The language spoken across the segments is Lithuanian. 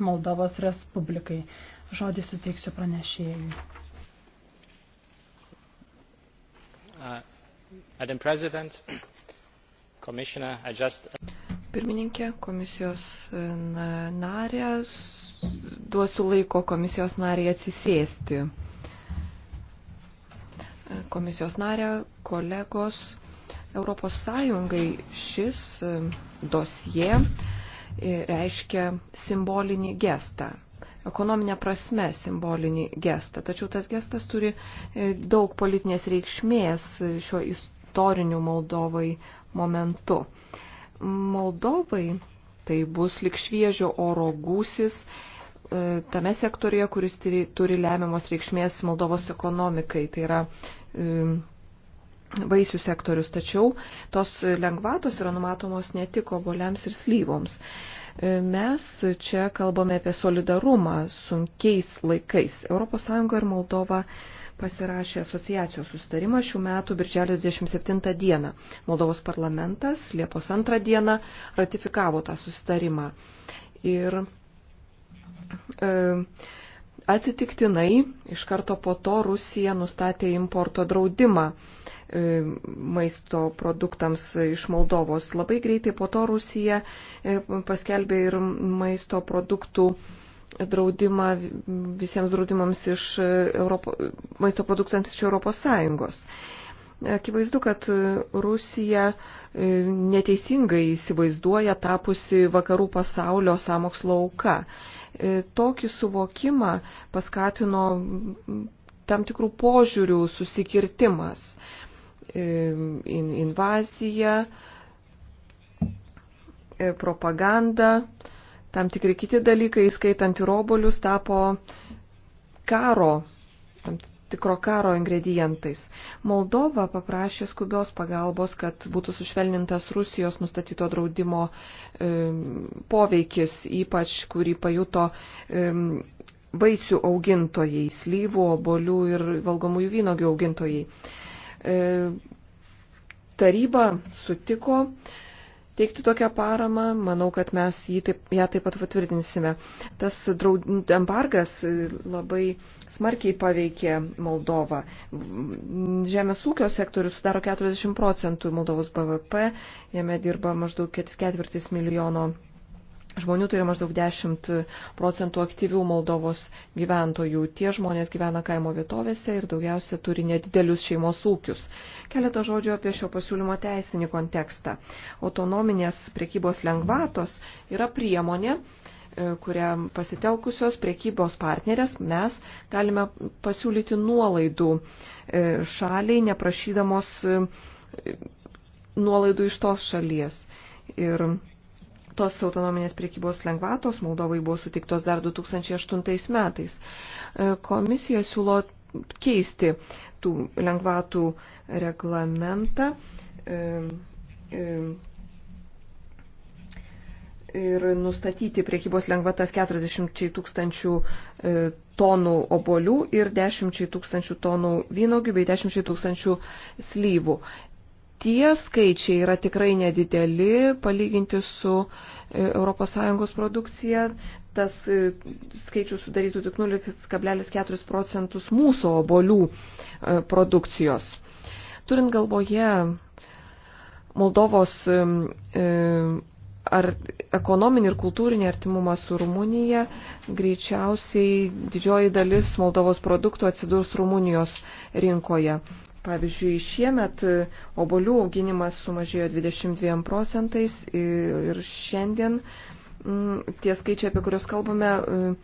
Moldovos Respublikai. Žodį suteiksiu pranešėjui. Uh, Pirmininkė, komisijos uh, narė, duosiu laiko komisijos narė atsisėsti. Uh, komisijos narė, kolegos, Europos Sąjungai šis dosie reiškia simbolinį gestą, ekonominę prasme simbolinį gestą. Tačiau tas gestas turi daug politinės reikšmės šiuo istoriniu Moldovai momentu. Moldovai tai bus likšviežio oro gūsis tame sektorėje, kuris turi lemiamos reikšmės Moldovos ekonomikai. Tai yra vaisių sektorius, tačiau tos lengvatos yra numatomos ne tik oboliams ir slyvoms. Mes čia kalbame apie solidarumą sunkiais laikais. ES ir Moldova pasirašė asociacijos sustarimą šių metų birželio 27 dieną. Moldovos parlamentas Liepos 2 dieną ratifikavo tą sustarimą. Ir e, Atsitiktinai iš karto po to Rusija nustatė importo draudimą e, maisto produktams iš Moldovos. Labai greitai po to Rusija e, paskelbė ir maisto produktų draudimą visiems draudimams iš Europo, maisto produktams iš Europos Sąjungos. Akivaizdu, kad Rusija e, neteisingai įsivaizduoja tapusi vakarų pasaulio samokslo auka. E, tokį suvokimą paskatino tam tikrų požiūrių susikirtimas, e, invazija, propaganda, tam tikri kiti dalykai, skaitant ir obolius, tapo karo tam tikro karo ingredientais. Moldova paprašė skubios pagalbos, kad būtų sušvelnintas Rusijos nustatyto draudimo e, poveikis, ypač kurį pajuto e, vaisių augintojai, slyvų, obolių ir valgomųjų vynogių augintojai. E, taryba sutiko e, teikti tokią paramą. Manau, kad mes jį taip, ją taip pat patvirtinsime. Tas draud, embargas labai smarkiai paveikė Moldovą. Žemės ūkio sektorius sudaro 40 procentų Moldovos BVP, jame dirba maždaug ketvirtis milijono žmonių tai yra maždaug 10 procentų aktyvių Moldovos gyventojų. Tie žmonės gyvena kaimo vietovėse ir daugiausia turi nedidelius šeimos ūkius. Keletą žodžių apie šio pasiūlymo teisinį kontekstą. Autonominės priekybos lengvatos yra priemonė, e, kurią pasitelkusios priekybos partnerės mes galime pasiūlyti nuolaidų e, šaliai, neprašydamos e, nuolaidų iš tos šalies. Ir tos autonominės priekybos lengvatos Moldovai buvo sutiktos dar 2008 metais. E, komisija siūlo keisti tų lengvatų reglamentą. E, e, ir nustatyti priekybos lengvatas 40 tūkstančių tonų obolių ir 10 tūkstančių tonų vynogių bei 10 tūkstančių slyvų tie skaičiai yra tikrai nedideli palyginti su ES produkcija. Tas e, skaičius sudarytų tik 0,4 procentus mūsų obolių e, produkcijos. Turint galvoje Moldovos e, ar ekonominį ir kultūrinį artimumą su Rumunija, greičiausiai didžioji dalis Moldovos produktų atsidurs Rumunijos rinkoje. Pavyzdžiui, šiemet obolių auginimas sumažėjo 22 procentais ir šiandien mm, tie skaičiai, apie kuriuos kalbame, mm,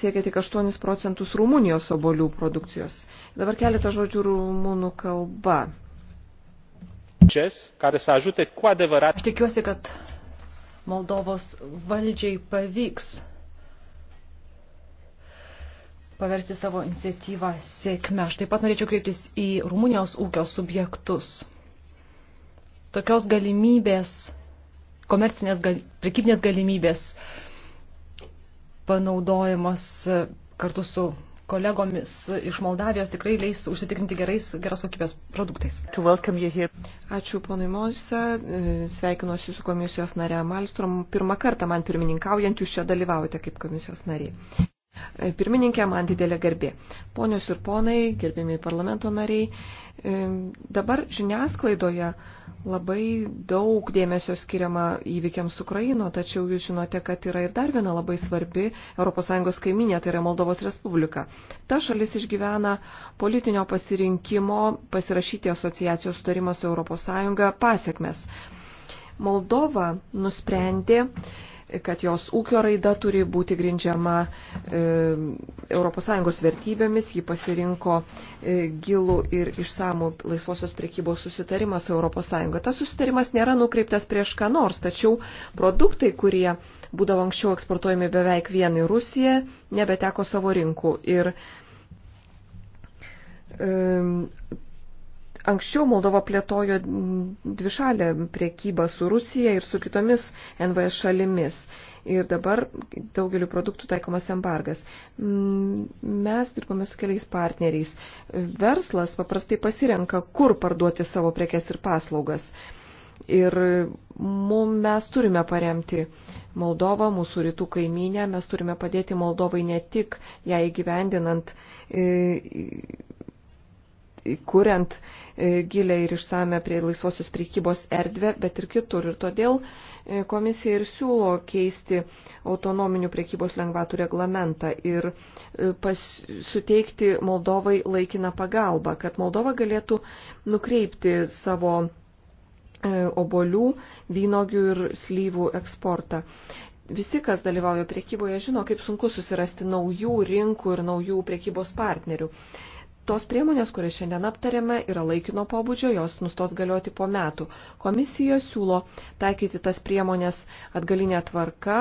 siekia tik 8 procentus Rumunijos obolių produkcijos. Dabar keletą žodžių rumunų kalba. Aš tikiuosi, kad Moldovos valdžiai pavyks paversti savo iniciatyvą sėkme. Aš taip pat norėčiau kreiptis į Rumunijos ūkio subjektus. Tokios galimybės, komercinės, gal, prekybinės galimybės panaudojimas kartu su kolegomis iš Moldavijos tikrai leis užsitikrinti gerais, geros kokybės produktais. Ačiū ponui Monsa, sveikinuosi su komisijos nare Malstrom. Pirmą kartą man pirmininkaujant jūs čia dalyvaujate kaip komisijos nariai. E, pirmininkė, man didelė garbė. Ponios ir ponai, gerbėmiai parlamento nariai, e, dabar žiniasklaidoje labai daug dėmesio skiriama įvykiams Ukraino, tačiau jūs žinote, kad yra ir dar viena labai svarbi ES kaiminė, tai yra Moldovos Respublika. Ta šalis išgyvena politinio pasirinkimo pasirašyti asociacijos sutarimą su ES pasiekmes. Moldova nusprendė kad jos ūkio raida turi būti grindžiama ES vertybėmis. Ji pasirinko e, gilų ir išsamų laisvosios priekybos susitarimą su ES. Tas susitarimas nėra nukreiptas prieš ką nors, tačiau produktai, kurie būdavo anksčiau eksportuojami beveik vien į Rusiją, nebeteko savo rinkų. Ir e, Anksčiau Moldova plėtojo dvišalę priekybą su Rusija ir su kitomis NVS šalimis. Ir dabar daugeliu produktų taikomas embargas. Mm, mes dirbame su keliais partneriais. Verslas paprastai pasirenka, kur parduoti savo prekes ir paslaugas. Ir mum, mes turime paremti Moldovą, mūsų rytų kaiminę, mes turime padėti Moldovai ne tik ją įgyvendinant e, kuriant e, gilę ir išsame prie laisvosios priekybos erdvę, bet ir kitur. Ir todėl e, komisija ir siūlo keisti autonominių priekybos lengvatų reglamentą ir e, pas, suteikti Moldovai laikiną pagalbą, kad Moldova galėtų nukreipti savo obolių, vynogių ir slyvų eksportą visi, kas dalyvauja priekyboje, žino, kaip sunku susirasti naujų rinkų ir naujų priekybos partnerių tos priemonės, kurias šiandien aptarėme, yra laikino pobūdžio, jos nustos galioti po metų. Komisija siūlo taikyti tas priemonės atgalinę tvarką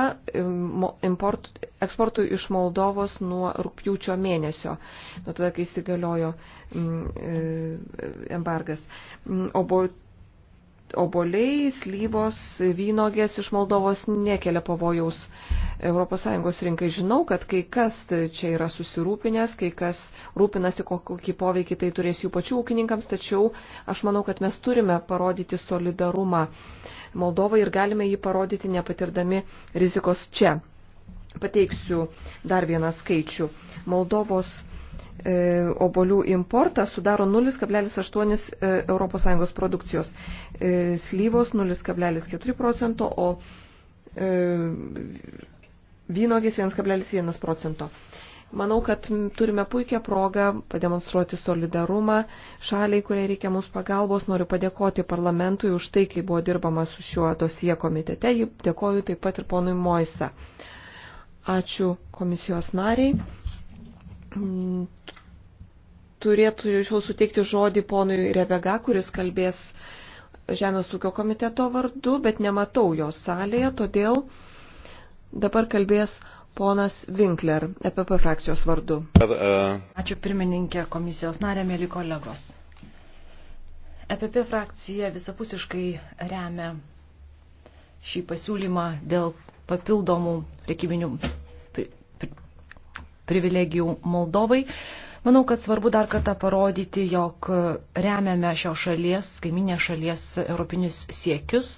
import, eksportui iš Moldovos nuo rūpjūčio mėnesio, nuo tada, kai įsigaliojo mm, e, embargas. Mm, o buvo oboliai, slyvos, vynogės iš Moldovos nekelia pavojaus ES rinkai. Žinau, kad kai kas čia yra susirūpinęs, kai kas rūpinasi, kokį poveikį tai turės jų pačių ūkininkams, tačiau aš manau, kad mes turime parodyti solidarumą Moldovai ir galime jį parodyti nepatirdami rizikos čia. Pateiksiu dar vieną skaičių. Moldovos E, obolių importas sudaro 0,8 ES produkcijos, e, slyvos 0,4 procento, o e, vynogės 1,1 procento. Manau, kad turime puikią progą pademonstruoti solidarumą šaliai, kuriai reikia mūsų pagalbos. Noriu padėkoti parlamentui už tai, kai buvo dirbama su šiuo dosie komitete. Dėkoju taip pat ir ponui Moisa. Ačiū komisijos nariai turėtų jau suteikti žodį ponui Rebega, kuris kalbės Žemės ūkio komiteto vardu, bet nematau jo salėje, todėl dabar kalbės ponas Winkler, EPP frakcijos vardu. Ačiū pirmininkė komisijos narė, mėly kolegos. EPP frakcija visapusiškai remia šį pasiūlymą dėl papildomų reikybinių privilegijų Moldovai. Manau, kad svarbu dar kartą parodyti, jog remiame šios šalies, kaiminės šalies europinius siekius.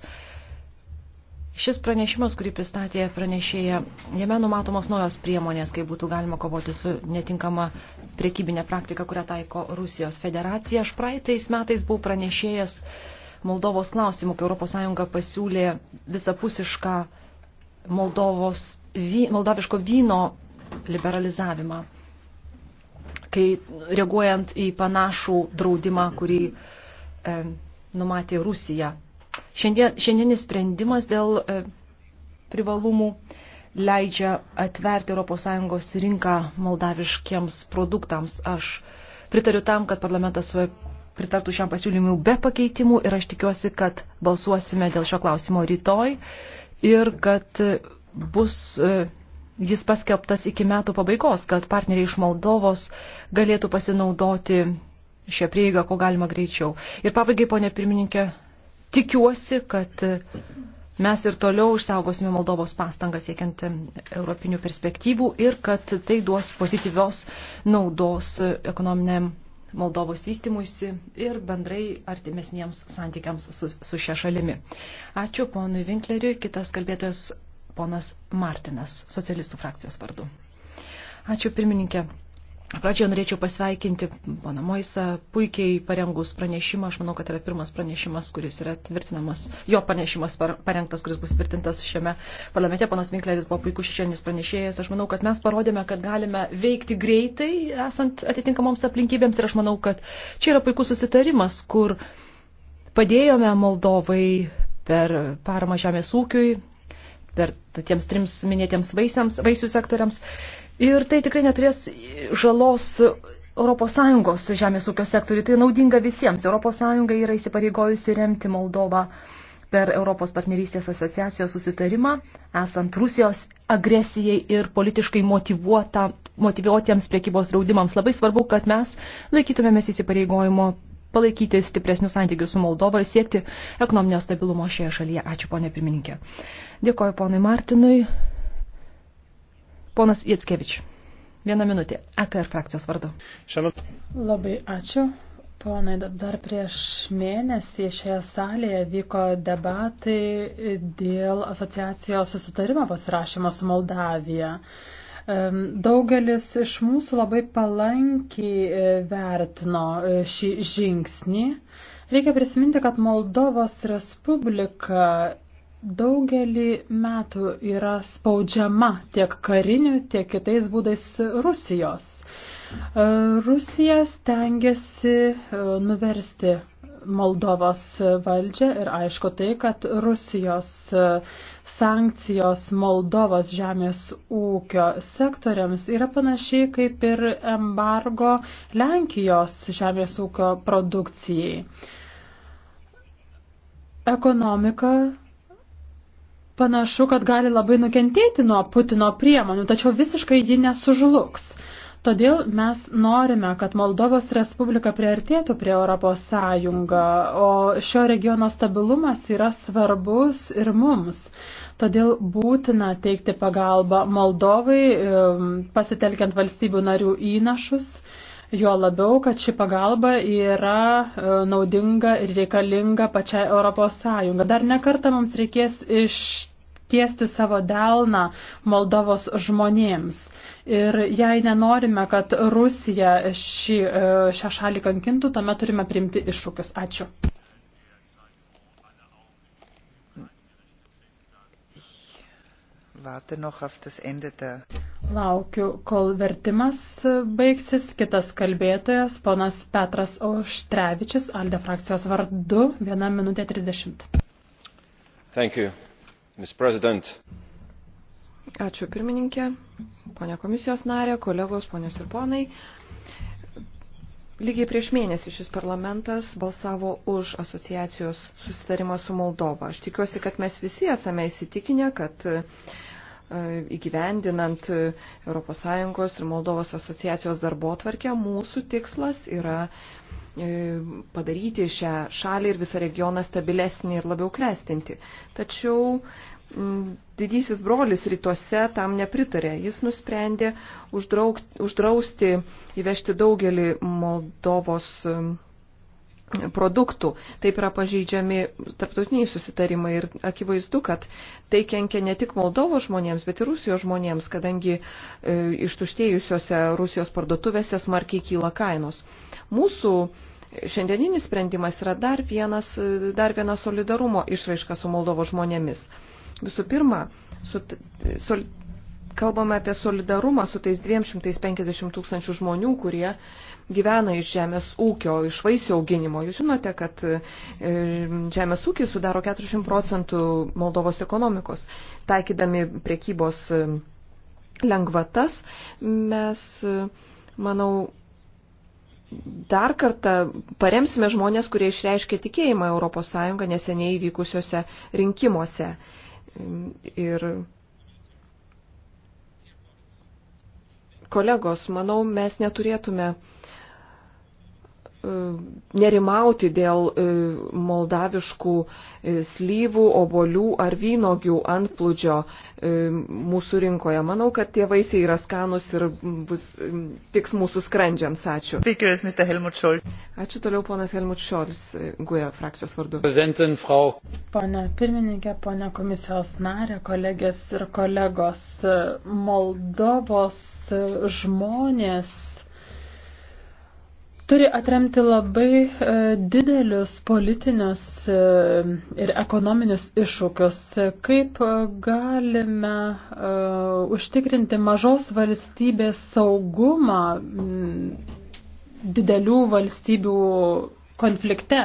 Šis pranešimas, kurį pristatė pranešėja, jame numatomos naujos priemonės, kaip būtų galima kovoti su netinkama priekybinė praktika, kurią taiko Rusijos federacija. Aš praeitais metais buvau pranešėjęs Moldovos klausimų, kai ES pasiūlė visapusišką Moldovos, vy, moldaviško vyno liberalizavimą, kai reaguojant į panašų draudimą, kurį e, numatė Rusija. Šiandien, šiandienis sprendimas dėl e, privalumų leidžia atverti ES rinką moldaviškiams produktams. Aš pritariu tam, kad parlamentas pritartų šiam pasiūlymui be pakeitimų ir aš tikiuosi, kad balsuosime dėl šio klausimo rytoj ir kad bus e, jis paskelbtas iki metų pabaigos, kad partneriai iš Moldovos galėtų pasinaudoti šią prieigą, ko galima greičiau. Ir pabaigai, ponė pirmininkė, tikiuosi, kad mes ir toliau išsaugosime Moldovos pastangas siekiant europinių perspektyvų ir kad tai duos pozityvios naudos ekonominiam Moldovos vystimuisi ir bendrai artimesniems santykiams su, su šia šalimi. Ačiū ponui Vinkleriui, kitas kalbėtojas ponas Martinas, socialistų frakcijos vardu. Ačiū pirmininkė. Pradžioje norėčiau pasveikinti poną Moisą, puikiai parengus pranešimą. Aš manau, kad yra pirmas pranešimas, kuris yra tvirtinamas, jo pranešimas parengtas, kuris bus tvirtintas šiame parlamente. Ponas Vinkleris buvo puikus šešienis pranešėjas. Aš manau, kad mes parodėme, kad galime veikti greitai, esant atitinkamoms aplinkybėms. Ir aš manau, kad čia yra puikus susitarimas, kur padėjome Moldovai per paramą žemės ūkiui, per tiems trims minėtiems vaisiams, vaisių sektoriams. Ir tai tikrai neturės žalos ES žemės ūkio sektoriui. Tai naudinga visiems. ES yra įsipareigojusi remti Moldovą per Europos partnerystės asociacijos susitarimą, esant Rusijos agresijai ir politiškai motivuotiems priekybos draudimams. Labai svarbu, kad mes laikytumėmės įsipareigojimo palaikyti stipresnius santykius su Moldova ir siekti ekonominio stabilumo šioje šalyje. Ačiū, ponė pirmininkė. Dėkoju ponui Martinui. Ponas Jatskevič. Vieną minutę. AKR e frakcijos vardu. Šiandien. Labai ačiū. Ponai, dar prieš mėnesį šioje salėje vyko debatai dėl asociacijos susitarimo pasirašymo su Moldavija. Daugelis iš mūsų labai palankiai e, vertino e, šį žingsnį. Reikia prisiminti, kad Moldovos Respublika daugelį metų yra spaudžiama tiek kariniu, tiek kitais būdais Rusijos. E, Rusija stengiasi nuversti Moldovos valdžią ir aišku tai, kad Rusijos sankcijos Moldovos žemės ūkio sektoriams yra panašiai kaip ir embargo Lenkijos žemės ūkio produkcijai. Ekonomika panašu, kad gali labai nukentėti nuo Putino priemonių, tačiau visiškai ji nesužlugs. Todėl mes norime, kad Moldovos Respublika priartėtų prie Europos Sąjungą, o šio regiono stabilumas yra svarbus ir mums. Todėl būtina teikti pagalbą Moldovai, pasitelkiant valstybių narių įnašus, juo labiau, kad ši pagalba yra e, naudinga ir reikalinga pačiai Europos Sąjunga. Dar nekartą mums reikės iš tiesti savo delną Moldovos žmonėms. Ir jei nenorime, kad Rusija šį, e, šią šalį kankintų, tuomet turime priimti iššūkius. Ačiū. Laukiu, kol vertimas baigsis. Kitas kalbėtojas, ponas Petras Auštrevičius, Alde frakcijos vardu, 1 minutė 30. Thank you. Ačiū pirmininkė, ponia komisijos narė, kolegos, ponios ir ponai. Lygiai prieš mėnesį šis parlamentas balsavo už asociacijos susitarimą su Moldova. Aš tikiuosi, kad mes visi esame įsitikinę, kad e, įgyvendinant ES ir Moldovos asociacijos darbo tvarkę, mūsų tikslas yra E, padaryti šią šalį ir visą regioną stabilesnį ir labiau klestinti. Tačiau didysis brolis rytuose tam nepritarė. Jis nusprendė uždrauk, uždrausti įvežti daugelį Moldovos produktų. Taip yra pažeidžiami tarptautiniai susitarimai ir akivaizdu, kad tai kenkia ne tik Moldovo žmonėms, bet ir Rusijos žmonėms, kadangi e, ištuštėjusiose Rusijos parduotuvėse smarkiai kyla kainos. Mūsų šiandieninis sprendimas yra dar, vienas, e, dar viena solidarumo išraiška su Moldovo žmonėmis. Visų pirma, su, sol, kalbame apie solidarumą su tais 250 tūkstančių žmonių, kurie gyvena iš žemės ūkio, iš vaisių auginimo. Jūs žinote, kad e, žemės ūkis sudaro 40 procentų Moldovos ekonomikos. Taikydami priekybos e, lengvatas, mes, e, manau, dar kartą paremsime žmonės, kurie išreiškė tikėjimą ES neseniai įvykusiuose rinkimuose. Ir Kolegos, manau, mes neturėtume E, nerimauti dėl e, moldaviškų e, slyvų, obolių ar vynogių antplūdžio mūsų rinkoje. Manau, kad tie vaisiai yra skanus ir bus tiks mūsų skrandžiams. Ačiū. Ačiū toliau ponas Helmut Šolis, Guja frakcijos vardu. Pane pirmininkė, pane komisijos narė, kolegės ir kolegos, Moldovos žmonės turi atremti labai e, didelius politinius e, ir ekonominius iššūkius. Kaip e, galime užtikrinti mažos valstybės saugumą didelių valstybių konflikte?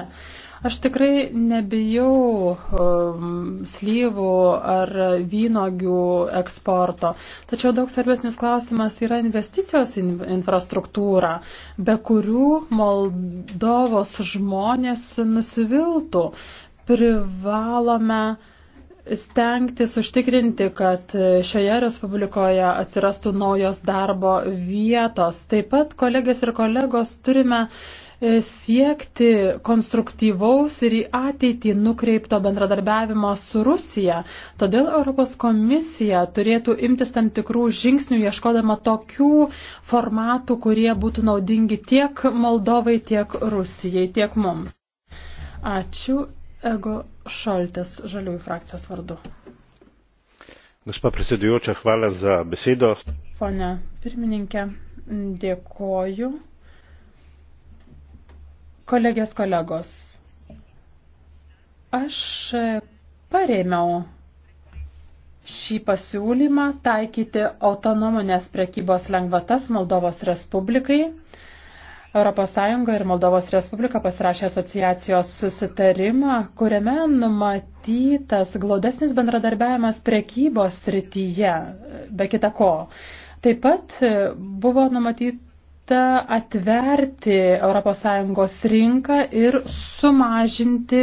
Aš tikrai nebijau um, slyvų ar vynogių eksporto, tačiau daug svarbesnis klausimas yra investicijos in, infrastruktūra, be kurių Moldovos žmonės nusiviltų. Privalome stengtis užtikrinti, kad šioje Respublikoje atsirastų naujos darbo vietos. Taip pat, kolegės ir kolegos, turime uh, E, siekti konstruktyvaus ir į ateitį nukreipto bendradarbiavimo su Rusija. Todėl Europos komisija turėtų imtis tam tikrų žingsnių, ieškodama tokių formatų, kurie būtų naudingi tiek Moldovai, tiek Rusijai, tiek mums. Ačiū. Ego Šaltės, Žaliųjų frakcijos vardu. Gospa predsedujoča, hvala za besedo. Pone pirmininkė, dėkoju. Kolegės kolegos, aš paremiau šį pasiūlymą taikyti autonominės prekybos lengvatas Moldovos Respublikai. ES ir Moldovos Respublika pasirašė asociacijos susitarimą, kuriame numatytas glaudesnis bendradarbiavimas prekybos srityje, be kita ko. Taip pat buvo numatyta skirta atverti ES rinką ir sumažinti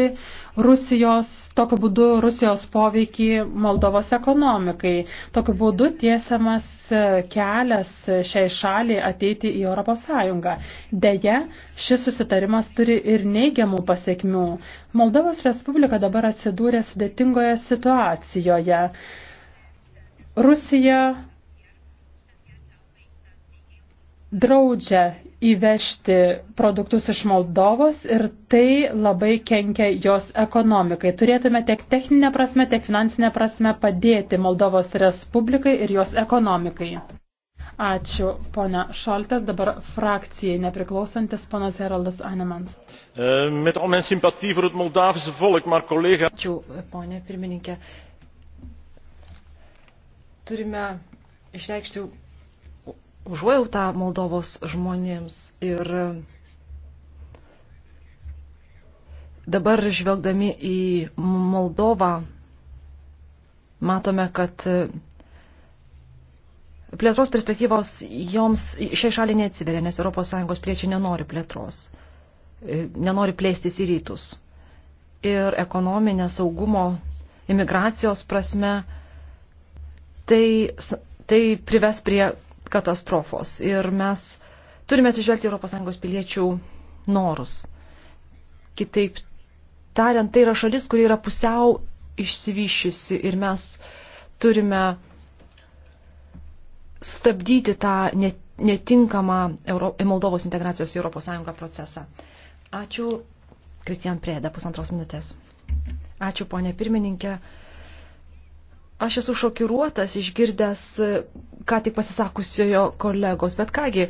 Rusijos, tokiu būdu Rusijos poveikį Moldovos ekonomikai. Tokiu būdu tiesiamas kelias šiai šaliai ateiti į ES. Deja, šis susitarimas turi ir neigiamų pasiekmių. Moldovos Respublika dabar atsidūrė sudėtingoje situacijoje. Rusija draudžia įvežti produktus iš Moldovos ir tai labai kenkia jos ekonomikai. Turėtume tiek techninę prasme, tiek finansinę prasme padėti Moldovos Respublikai ir jos ekonomikai. Ačiū, ponia Šaltas. Dabar frakcijai nepriklausantis ponas Heraldas Anemans. E, met al mijn sympathie voor het Moldavische volk, maar collega. Ačiū, ponia pirmininkė. Turime išreikšti užuojautą Moldovos žmonėms. Ir dabar žvelgdami į Moldovą matome, kad plėtros perspektyvos joms šiai šaliai neatsiveria, nes ES priečiai nenori plėtros, nenori plėstis į rytus. Ir ekonominė saugumo, imigracijos prasme, tai, tai prives prie katastrofos. Ir mes turime atsižvelgti ES piliečių norus. Kitaip tariant, tai yra šalis, kuri yra pusiau išsivyščiusi ir mes turime stabdyti tą netinkamą Euro Moldovos integracijos į ES procesą. Ačiū, Kristian Prėda, pusantros minutės. Ačiū, ponė pirmininkė. Aš esu šokiruotas išgirdęs ką tik pasisakusiojo kolegos, bet kągi,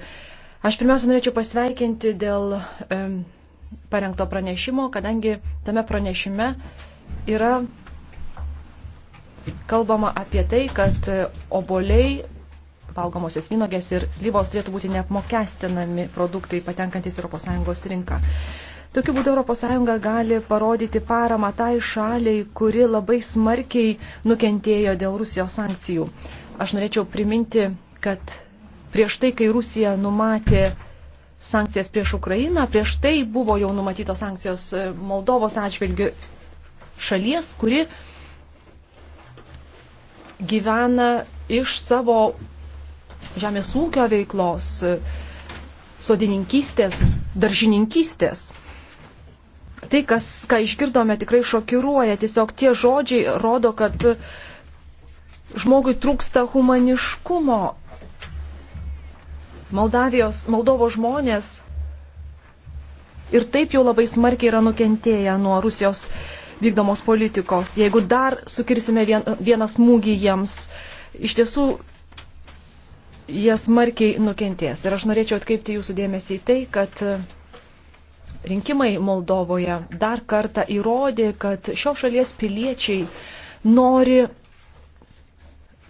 aš pirmiausia norėčiau pasveikinti dėl e, parengto pranešimo, kadangi tame pranešime yra kalbama apie tai, kad oboliai, valgomosios vynogės ir slyvos turėtų būti neapmokestinami produktai patenkantis ES rinką. Tokiu būdu ES gali parodyti paramą tai šaliai, kuri labai smarkiai nukentėjo dėl Rusijos sankcijų. Aš norėčiau priminti, kad prieš tai, kai Rusija numatė sankcijas prieš Ukrainą, prieš tai buvo jau numatytos sankcijos e, Moldovos atžvilgių šalies, kuri gyvena iš savo žemės ūkio veiklos, e, sodininkystės, daržininkystės tai, kas, ką išgirdome, tikrai šokiruoja. Tiesiog tie žodžiai rodo, kad žmogui trūksta humaniškumo. Moldavijos, Moldovo žmonės ir taip jau labai smarkiai yra nukentėję nuo Rusijos vykdomos politikos. Jeigu dar sukirsime vieną smūgį jiems, iš tiesų jie smarkiai nukentės. Ir aš norėčiau atkreipti jūsų dėmesį į tai, kad rinkimai Moldovoje dar kartą įrodė, kad šios šalies piliečiai nori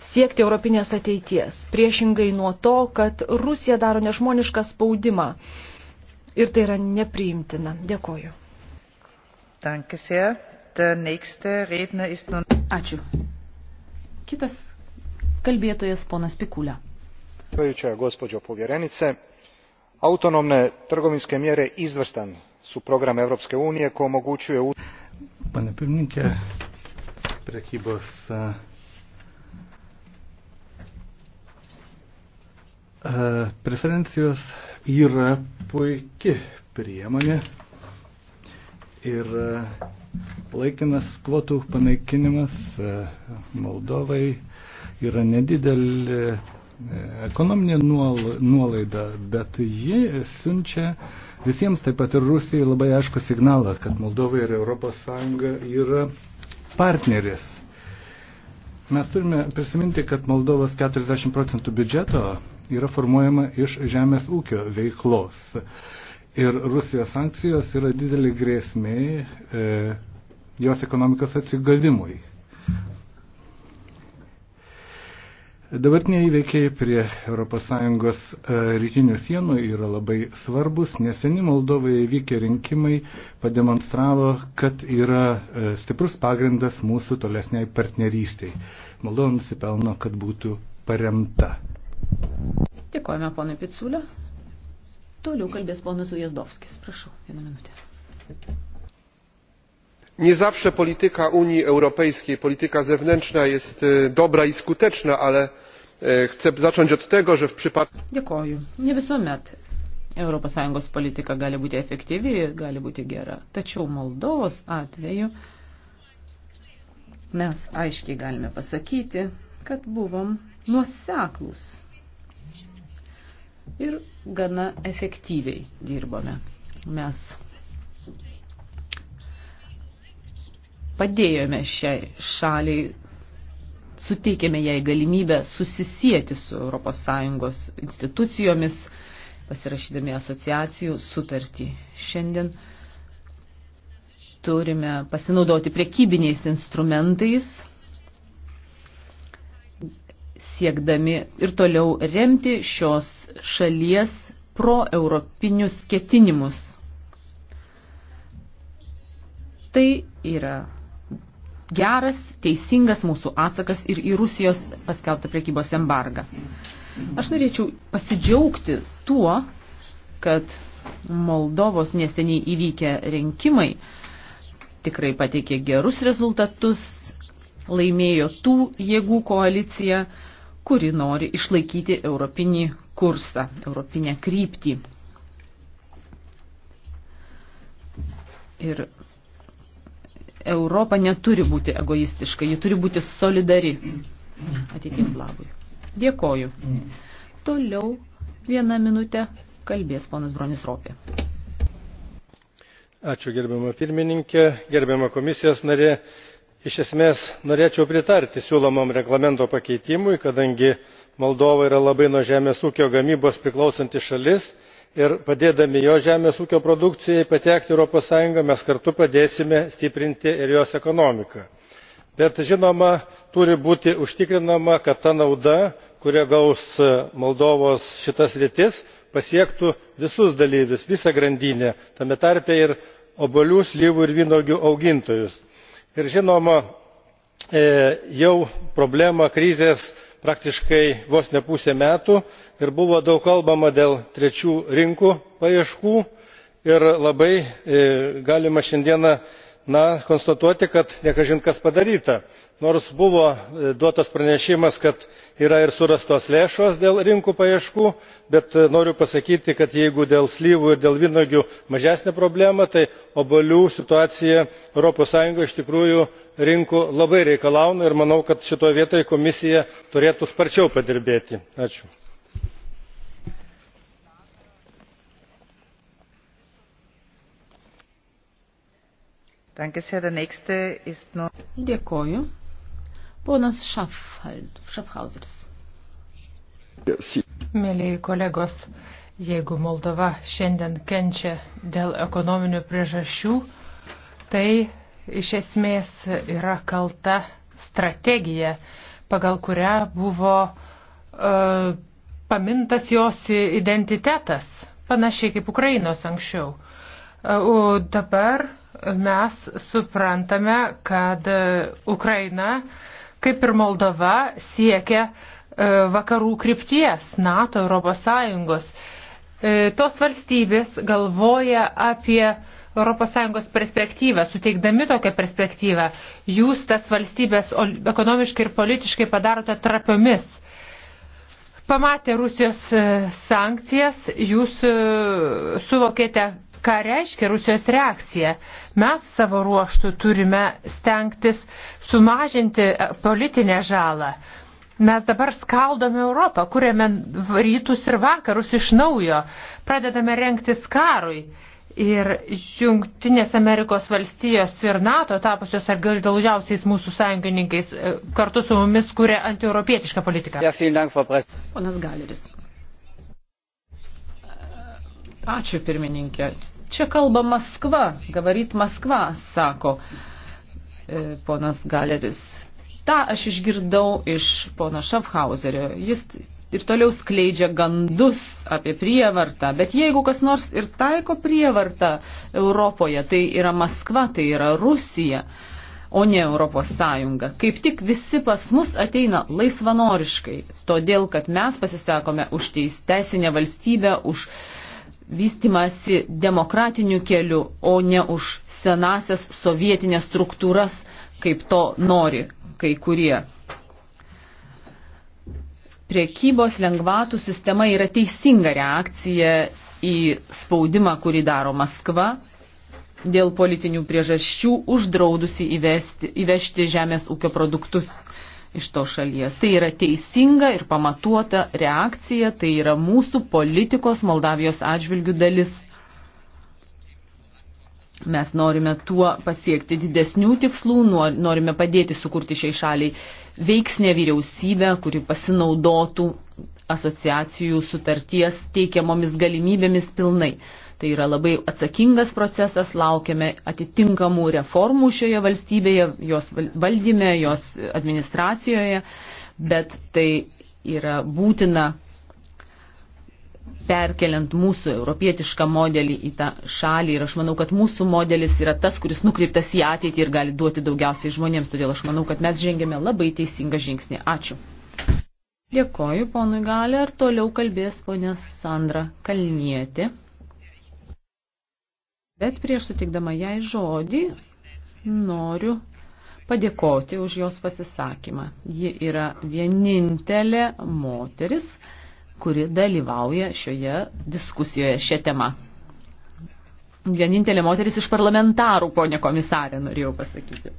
siekti europinės ateities, priešingai nuo to, kad Rusija daro nežmonišką spaudimą. Ir tai yra nepriimtina. Dėkoju. Ačiū. Kitas kalbėtojas ponas Pikulė. Gospođo povjerenice, autonomne trgovinske mjere izvrstan su program Europske unije koji omogućuje... Pane pirmininkė, prekybos preferencijos yra puikia priemonė ir laikinas kvotų panaikinimas Moldovai yra nedidelė ekonominė nuolaida, bet ji siunčia uh, Visiems, taip pat ir Rusijai, labai aišku signalą, kad Moldova ir ES yra partneris. Mes turime prisiminti, kad Moldovos 40 procentų biudžeto yra formuojama iš žemės ūkio veiklos. Ir Rusijos sankcijos yra didelė grėsmė e, jos ekonomikos atsigavimui. Dabartiniai veikiai prie ES e, rytinių sienų yra labai svarbus. Neseni Moldovoje vykę rinkimai pademonstravo, kad yra e, stiprus pagrindas mūsų tolesniai partnerystiai. Moldova nusipelno, kad būtų paremta. Dėkojame ponui Piculio. Toliau kalbės ponas Ujazdovskis. Prašau, vieną minutę nie zawsze polityka unii europejskiej polityka zewnętrzna jest dobra i skuteczna ale chcę zacząć od tego że w przypadku. dėkoju ne visuomet europos sąjungos politika gali būti efektyvi gali būti gera tačiau moldovos atveju mes aiškiai galime pasakyti kad buvom nuoseklūs ir gana efektyviai dirbome mes padėjome šiai šaliai, suteikėme jai galimybę susisieti su ES institucijomis, pasirašydami asociacijų sutartį. Šiandien turime pasinaudoti prekybiniais instrumentais, siekdami ir toliau remti šios šalies proeuropinius ketinimus. Tai yra geras, teisingas mūsų atsakas ir į Rusijos paskelbtą prekybos embargą. Aš norėčiau pasidžiaugti tuo, kad Moldovos neseniai įvykę rinkimai tikrai pateikė gerus rezultatus, laimėjo tų jėgų koalicija, kuri nori išlaikyti europinį kursą, europinę kryptį. Ir Europa neturi būti egoistiška, ji turi būti solidari ateities labui. Dėkoju. Toliau vieną minutę kalbės ponas Bronis Ropė. Ačiū gerbiama pirmininkė, gerbiama komisijos narė. Iš esmės norėčiau pritarti siūlomam reglamento pakeitimui, kadangi Moldova yra labai nuo žemės ūkio gamybos priklausanti šalis ir padėdami jo žemės ūkio produkcijai patekti į europos sąjungą mes kartu padėsime stiprinti ir jos ekonomiką. bet žinoma turi būti užtikrinama kad ta nauda kurią gaus moldovos šita sritis pasiektų visus dalyvius visą grandinę tame tarpe ir obuolių slyvų ir vynuogių augintojus. ir žinoma e, jau problemą krizės praktiškai vos ne pusę metų ir buvo daug kalbama dėl trečių rinkų paieškų ir labai e, galima šiandien na konstatuoti kad ne kažin kas padaryta nors buvo e, duotas pranešimas kad yra ir surastos lėšos dėl rinkų paieškų bet e, noriu pasakyti kad jeigu dėl slyvų ir dėl vynuogių mažesnė problema tai obuolių situacija europos sąjungoje iš tikrųjų rinkų labai reikalauna ir manau kad šitoje vietoje komisija turėtų sparčiau padirbėti. Dėkoju. Ponas Šafhauseris. Mėlyi kolegos, jeigu Moldova šiandien kenčia dėl ekonominių priežasčių, tai iš esmės yra kalta strategija, pagal kurią buvo uh, pamintas jos identitetas, panašiai kaip Ukrainos anksčiau. Uh, dabar uh, mes suprantame, kad e, Ukraina, kaip ir Moldova, siekia e, vakarų krypties NATO Europos Sąjungos. E, tos valstybės galvoja apie ES perspektyvą, suteikdami tokią perspektyvą, jūs tas valstybės ekonomiškai ir politiškai padarote trapiomis. Pamatė Rusijos sankcijas, jūs suvokėte, ką reiškia Rusijos reakcija. Mes savo ruoštų turime stengtis sumažinti e, politinę žalą. Mes dabar skaldome Europą, kuriame rytus ir vakarus iš naujo, pradedame renktis karui. Ir Junktinės Amerikos valstijos ir NATO tapusios ar gal daugiausiais mūsų sąjungininkais e, kartu su mumis kuria antieuropietišką politiką. Ja, dank, Ponas Galeris. Ačiū pirmininkė čia kalba Maskva, Gavaryt Maskva, sako e, ponas Galeris. Ta aš išgirdau iš pono Šafhauserio. Jis ir toliau skleidžia gandus apie prievartą, bet jeigu kas nors ir taiko prievartą Europoje, tai yra Maskva, tai yra Rusija, o ne Europos Sąjunga. Kaip tik visi pas mus ateina laisvanoriškai, todėl kad mes pasisakome už teisinę valstybę, už uh, vystimasi demokratiniu keliu, o ne už senasias sovietinės struktūras, kaip to nori kai kurie. Priekybos lengvatų sistema yra teisinga reakcija į spaudimą, kurį daro Maskva dėl politinių priežasčių uždraudusi įvesti, įvežti žemės ūkio produktus iš to šalies. Tai yra teisinga ir pamatuota reakcija, tai yra mūsų politikos Moldavijos atžvilgių dalis. Mes norime tuo pasiekti didesnių tikslų, norime padėti sukurti šiai šaliai veiksnė vyriausybė, kuri pasinaudotų asociacijų sutarties teikiamomis galimybėmis pilnai. Tai yra labai atsakingas procesas, laukiame atitinkamų reformų šioje valstybėje, jos valdyme, jos administracijoje, bet tai yra būtina perkeliant mūsų europietišką modelį į tą šalį. Ir aš manau, kad mūsų modelis yra tas, kuris nukreiptas į ateitį ir gali duoti daugiausiai žmonėms. Todėl aš manau, kad mes žengėme labai teisingą žingsnį. Ačiū. Dėkoju, ponui Galė, ar toliau kalbės ponė Sandra Kalnietė. Bet prieš sutikdama jai žodį, noriu padėkoti už jos pasisakymą. Ji yra vienintelė moteris, kuri dalyvauja šioje diskusijoje šią temą. Vienintelė moteris iš parlamentarų, ponė komisarė, norėjau pasakyti.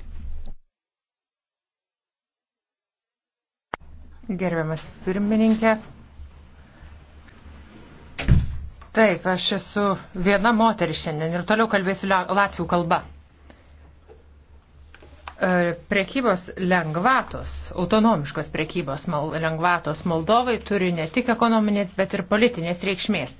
Gerbiamas pirmininkė. Taip, aš esu viena moteris šiandien ir toliau kalbėsiu latvių kalba. E, prekybos lengvatos, autonomiškos prekybos lengvatos Moldovai turi ne tik ekonominės, bet ir politinės reikšmės.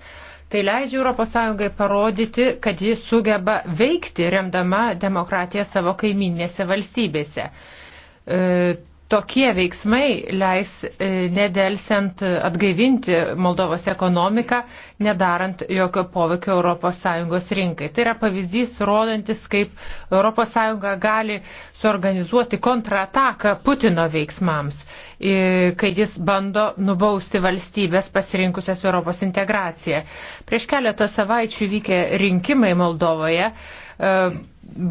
Tai leidžia ES parodyti, kad ji sugeba veikti remdama demokratiją savo kaiminėse valstybėse e, Tokie veiksmai leis e, nedelsiant atgaivinti Moldovos ekonomiką, nedarant jokio poveikio ES rinkai. Tai yra pavyzdys, rodantis, kaip ES gali suorganizuoti kontrataką Putino veiksmams, kai jis bando nubausti valstybės pasirinkusias Europos integraciją. Prieš keletą savaičių vykę rinkimai Moldovoje E,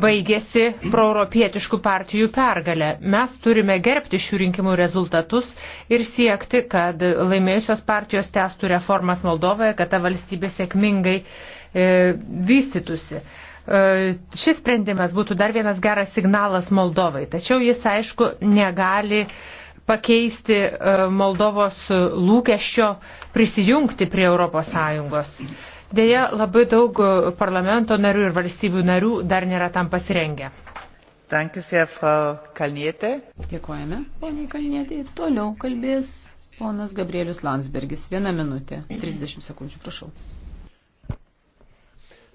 baigėsi proeuropietiškų partijų pergalė. Mes turime gerbti šių rinkimų rezultatus ir siekti, kad laimėjusios partijos testų reformas Moldovoje, kad ta valstybė sėkmingai e, vystytųsi. E, šis sprendimas būtų dar vienas geras signalas Moldovai, tačiau jis aišku negali pakeisti e, Moldovos lūkesčio prisijungti prie ES. Deja, labai daug e, parlamento narių ir valstybių narių dar nėra tam pasirengę. Dėkojame, poniai Kalnietė. Toliau kalbės ponas Gabrielius Landsbergis. Vieną minutę, 30 sekundžių, prašau.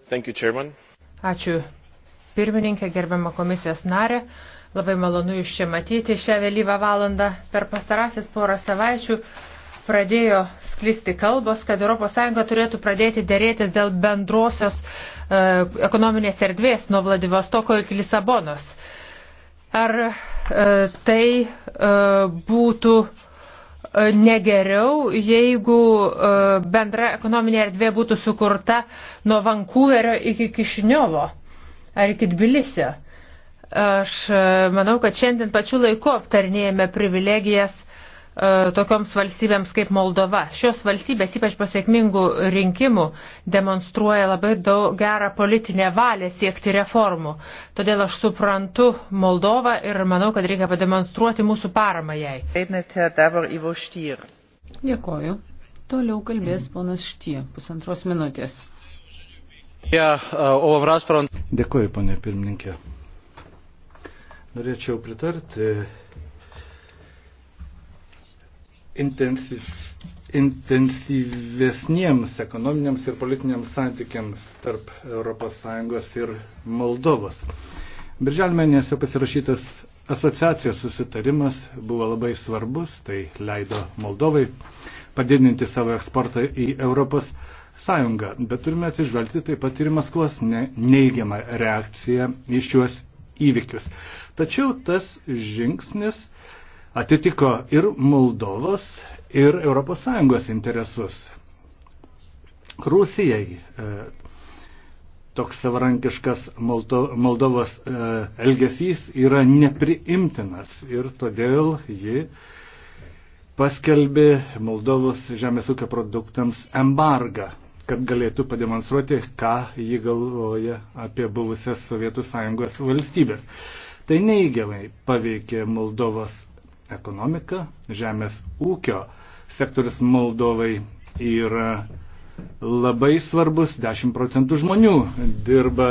Thank you, chairman. Ačiū pirmininkė, gerbiama komisijos narė. Labai malonu iš čia matyti šią vėlyvą valandą. Per pastarąsias porą savaičių pradėjo sklisti kalbos, kad ES turėtų pradėti dėrėtis dėl bendrosios e, ekonominės erdvės nuo Vladivostoko iki Lisabonos. Ar e, tai e, būtų e, negeriau, jeigu e, bendra ekonominė erdvė būtų sukurta nuo Vancouverio iki Kišniovo ar iki Tbilisio? Aš e, manau, kad šiandien pačiu laiku aptarnėjame privilegijas E, tokioms valstybėms kaip Moldova. Šios valstybės, ypač pasiekmingų rinkimų, demonstruoja labai daug gerą politinę valią siekti reformų. Todėl aš suprantu Moldovą ir manau, kad reikia pademonstruoti mūsų paramą jai. Dėkoju. Toliau kalbės ponas Štie, pusantros minutės. E, Dėkoju, ponė pirmininkė. Norėčiau pritarti intensyv, intensyvesniems ekonominiams ir politiniams santykiams tarp ES ir Moldovos. Birželio mėnesio pasirašytas asociacijos susitarimas buvo labai svarbus, tai leido Moldovai padidinti savo eksportą į Europos Sąjungą, bet turime atsižvelgti taip pat ir Maskvos ne, neigiamą reakciją į šiuos įvykius. Tačiau tas žingsnis atitiko ir Moldovos, ir ES interesus. Rusijai e, toks savarankiškas Moldovos e, elgesys yra nepriimtinas ir todėl ji paskelbė Moldovos žemės ūkio produktams embargą, kad galėtų pademonstruoti, ką ji galvoja apie buvusias Sovietų Sąjungos valstybės. Tai neigiamai paveikė Moldovos ekonomika, žemės ūkio sektorius Moldovai yra labai svarbus, 10 procentų žmonių dirba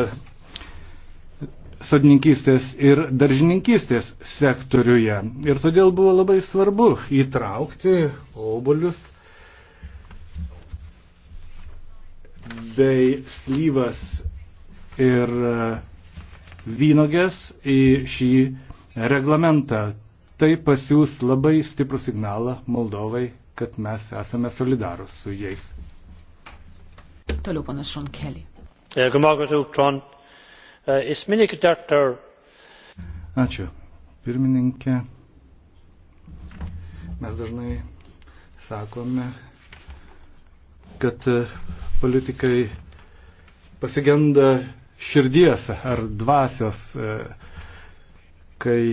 sodininkystės ir daržininkystės sektoriuje. Ir todėl buvo labai svarbu įtraukti obolius bei slyvas ir vynogės į šį reglamentą. Tai pasiūs labai stiprų signalą Moldovai, kad mes esame solidarus su jais. Toliau panas Šon Kelly. Eh, Ačiū. Pirmininkė, mes dažnai sakome, kad eh, politikai pasigenda širdies ar dvasios, eh, kai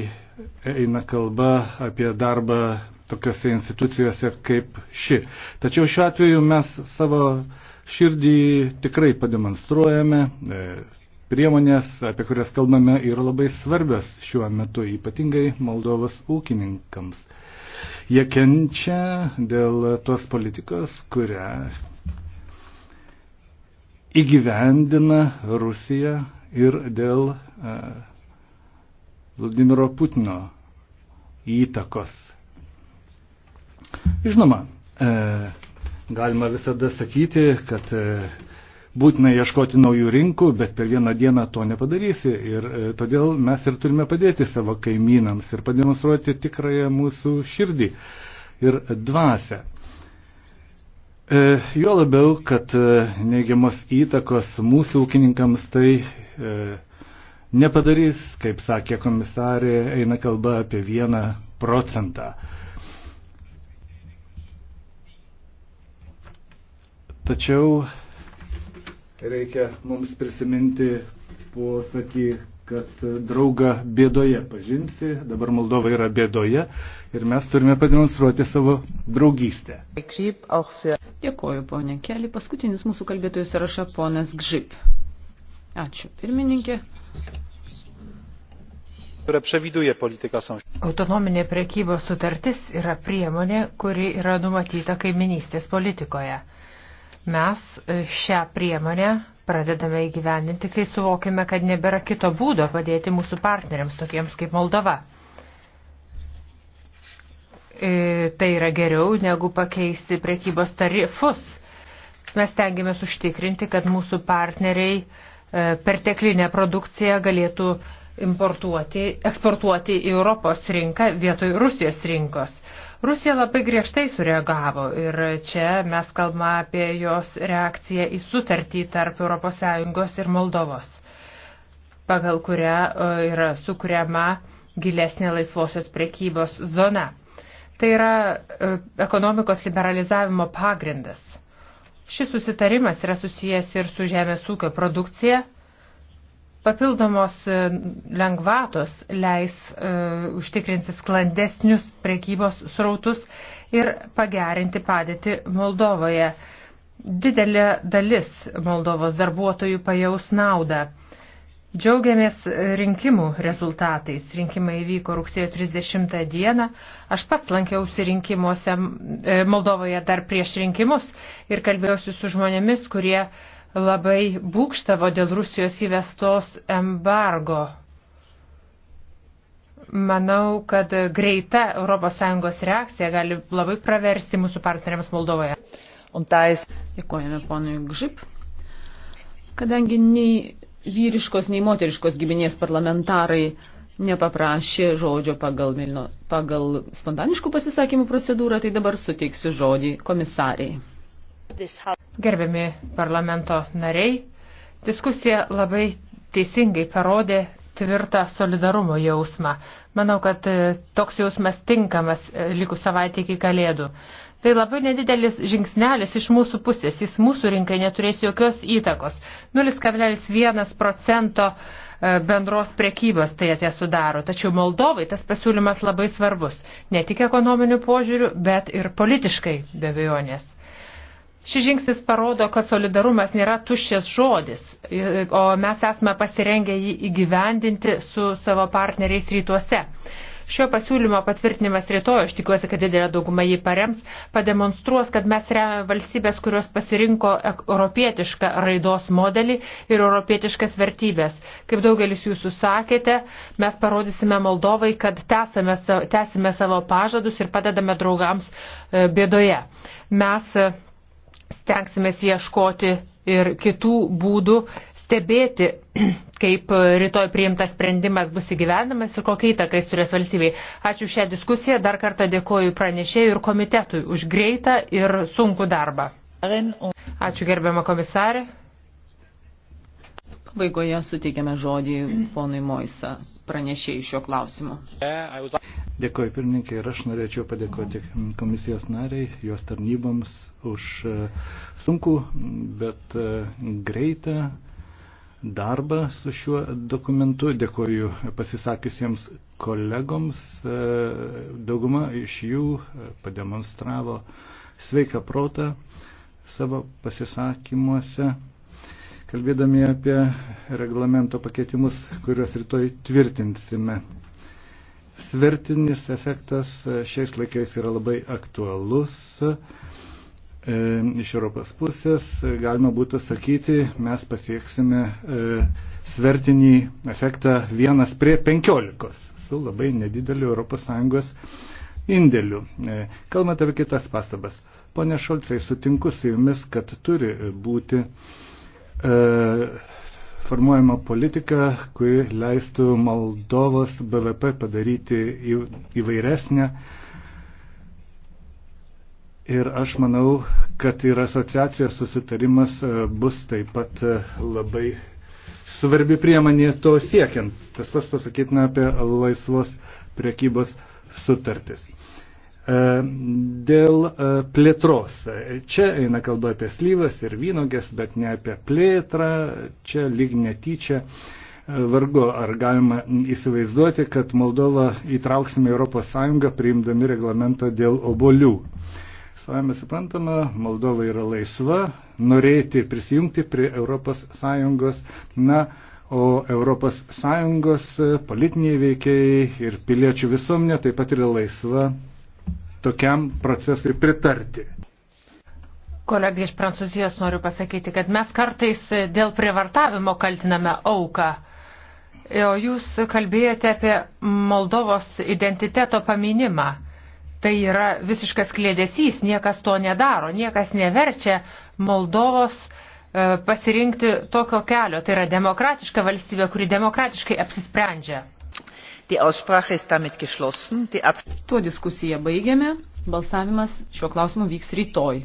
eina kalba apie darbą tokiuose institucijose kaip ši. Tačiau šiuo atveju mes savo širdį tikrai pademonstruojame. E, priemonės, apie kurias kalbame, yra labai svarbios šiuo metu, ypatingai Moldovos ūkininkams. Jie kenčia dėl tos politikos, kurią įgyvendina Rusija ir dėl uh, Vladimiro Putino įtakos. Žinoma, e, galima visada sakyti, kad e, būtina ieškoti naujų rinkų, bet per vieną dieną to nepadarysi. Ir e, todėl mes ir turime padėti savo kaimynams ir pademonstruoti tikrąją mūsų širdį ir dvasę. E, jo labiau, kad e, neigiamos įtakos mūsų ūkininkams tai e, nepadarys, kaip sakė komisarė, eina kalba apie vieną procentą. Tačiau reikia mums prisiminti posakį, kad draugą bėdoje pažinsi, dabar Moldova yra bėdoje ir mes turime pademonstruoti savo draugystę. Dėkoju, ponė Keli. Paskutinis mūsų kalbėtojų sąrašą ponas Gžip. Ačiū, pirmininkė które przewiduje polityka sąsiedztwa. Autonominė prekybos sutartis yra priemonė, kuri yra numatyta kaiminystės politikoje. Mes e, šią priemonę pradedame įgyvendinti, kai suvokime, kad nebėra kito būdo padėti mūsų partneriams, tokiems kaip Moldova. E, tai yra geriau negu pakeisti prekybos tarifus. Mes tengiamės užtikrinti, kad mūsų partneriai uh, E, perteklinę produkciją galėtų importuoti, eksportuoti į Europos rinką vietoj Rusijos rinkos. Rusija labai griežtai sureagavo ir čia mes kalbame apie jos reakciją į sutartį tarp ES ir Moldovos, pagal kurią e, yra sukuriama gilesnė laisvosios prekybos zona. Tai yra e, ekonomikos liberalizavimo pagrindas. Šis susitarimas yra susijęs ir su žemės ūkio produkcija. Papildomos e, lengvatos leis e, užtikrinti sklandesnius prekybos srautus ir pagerinti padėtį Moldovoje. Didelė dalis Moldovos darbuotojų pajaus naudą. Džiaugiamės rinkimų rezultatais. Rinkimai vyko rugsėjo 30 dieną. Aš pats lankiausi rinkimuose e, Moldovoje dar prieš rinkimus ir kalbėjausi su žmonėmis, kurie labai būkštavo dėl Rusijos įvestos embargo. Manau, kad greita ES reakcija gali labai praversti mūsų partneriams Moldovoje. Dėkojame ponui Gžip. Kadangi nei vyriškos nei moteriškos giminės parlamentarai nepaprašė žodžio pagal, Milno, pagal spontaniškų pasisakymų procedūrą, tai dabar suteiksiu žodį komisariai. Gerbiami parlamento nariai, diskusija labai teisingai parodė tvirtą solidarumo jausmą. Manau, kad e, toks jausmas tinkamas e, likus savaitė iki kalėdų. Tai labai nedidelis žingsnelis iš mūsų pusės, jis mūsų rinkai neturės jokios įtakos. 0,1 procento e, bendros priekybos tai atė sudaro. Tačiau Moldovai tas pasiūlymas labai svarbus, ne tik ekonominiu požiūriu, bet ir politiškai be abejonės. Šis žingsnis parodo, kad solidarumas nėra tuščias žodis, o mes esame pasirengę jį įgyvendinti su savo partneriais rytuose. Šio pasiūlymo patvirtinimas rytoj, aš tikiuosi, kad didelė dauguma jį parems, pademonstruos, kad mes remia valstybės, kurios pasirinko europietišką raidos modelį ir europietiškas vertybės. Kaip daugelis jūsų sakėte, mes parodysime Moldovai, kad tęsime, tęsime savo pažadus ir padedame draugams e, bėdoje. Mes e, stengsimės ieškoti ir kitų būdų stebėti, kaip rytoj priimtas sprendimas bus įgyvendamas ir kokia įtaka jis turės valstybei. Ačiū šią diskusiją, dar kartą dėkoju pranešėjui ir komitetui už greitą ir sunkų darbą. Ačiū gerbiamą komisarį. Pabaigoje suteikiame žodį ponui Moisa pranešėjai šio klausimu. Dėkoju pirmininkai ir aš norėčiau padėkoti komisijos nariai, jos tarnyboms už sunku, bet greitą darbą su šiuo dokumentu. Dėkoju pasisakiusiems kolegoms. E, dauguma iš jų e, pademonstravo sveiką protą savo pasisakymuose, kalbėdami apie reglamento pakeitimus, kuriuos rytoj tvirtinsime. Svertinis efektas e, šiais laikais yra labai aktualus. E, iš Europos pusės, e, galima būtų sakyti, mes pasieksime e, svertinį efektą vienas prie penkiolikos su labai nedideliu ES indėliu. Kalbant apie kitas pastabas. Pone Šolcai, sutinku su jumis, kad turi būti formuojama politika, kuri leistų Moldovos BVP padaryti įvairesnę Ir aš manau, kad ir asociacijos susitarimas e, bus taip pat e, labai svarbi priemonė to siekiant. Tas pats pasakytina apie laisvos priekybos sutartis. E, dėl plėtros. Čia eina kalba apie slyvas ir vynogės, bet ne apie plėtrą. Čia lyg netyčia. Vargu, ar galima įsivaizduoti, kad Moldovą įtrauksime Europos Sąjungą priimdami reglamentą dėl obolių. Uh, Savame suprantama, Moldova yra laisva norėti prisijungti prie ES, na, o ES e, politiniai veikėjai ir piliečių visuomenė taip pat yra laisva tokiam procesui pritarti. Kolegai iš Prancūzijos noriu pasakyti, kad mes kartais e, dėl prievartavimo kaltiname auką. E, o jūs kalbėjote apie Moldovos identiteto paminimą. Tai yra visiškas klėdesys, niekas to nedaro, niekas neverčia Moldovos e, pasirinkti tokio kelio. Tai yra demokratiška valstybė, kuri demokratiškai apsisprendžia. Tuo diskusiją baigiame. Balsavimas šiuo klausimu vyks rytoj.